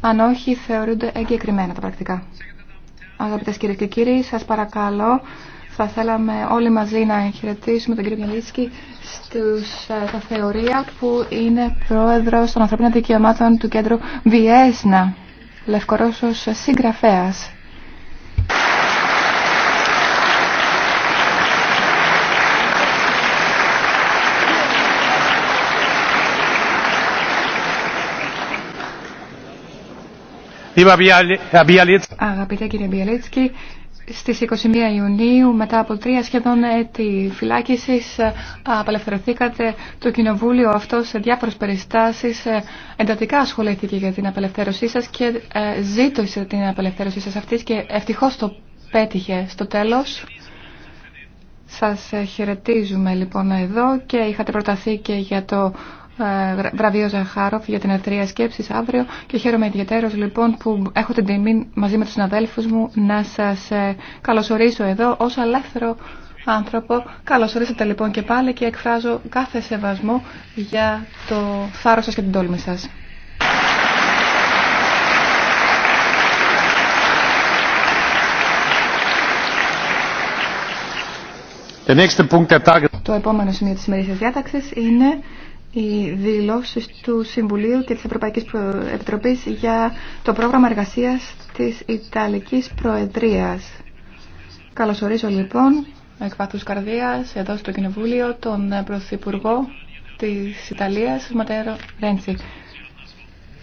Αν όχι, θεωρούνται εγκεκριμένα τα πρακτικά. Αγαπητέ κυρίε και κύριοι, σα παρακαλώ, θα θέλαμε όλοι μαζί να χαιρετήσουμε τον κύριο Μιαλίσκη ε, στα θεωρία που είναι πρόεδρο των ανθρωπίνων δικαιωμάτων του κέντρου Βιέσνα, λευκορώσο συγγραφέα. Αγαπητέ κύριε Μπιαλίτσκι, στις 21 Ιουνίου μετά από τρία σχεδόν έτη φυλάκισης απελευθερωθήκατε το κοινοβούλιο αυτό σε διάφορες περιστάσεις ε, εντατικά ασχολήθηκε για την απελευθέρωσή σας και ε, ζήτησε την απελευθέρωσή σας αυτής και ευτυχώ το πέτυχε στο τέλος. Σας ε, χαιρετίζουμε λοιπόν εδώ και είχατε προταθεί και για το ε, βραβείο Ζαχάροφ για την ερτρία σκέψη αύριο και χαίρομαι ιδιαίτερω λοιπόν που έχω την τιμή μαζί με του συναδέλφου μου να σα ε, καλωσορίσω εδώ ω ελεύθερο άνθρωπο. Καλωσορίσατε λοιπόν και πάλι και εκφράζω κάθε σεβασμό για το θάρρος σας και την τόλμη σας. Το επόμενο σημείο της σημερινής διάταξης είναι οι δηλώσεις του Συμβουλίου και της Ευρωπαϊκής Επιτροπής για το πρόγραμμα εργασίας της Ιταλικής Προεδρίας. Καλωσορίζω λοιπόν εκ βάθους καρδίας εδώ στο Κοινοβούλιο τον Πρωθυπουργό της Ιταλίας, Ματέρο Ρέντσι.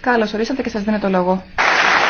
Καλωσορίσατε και σας δίνω το λόγο.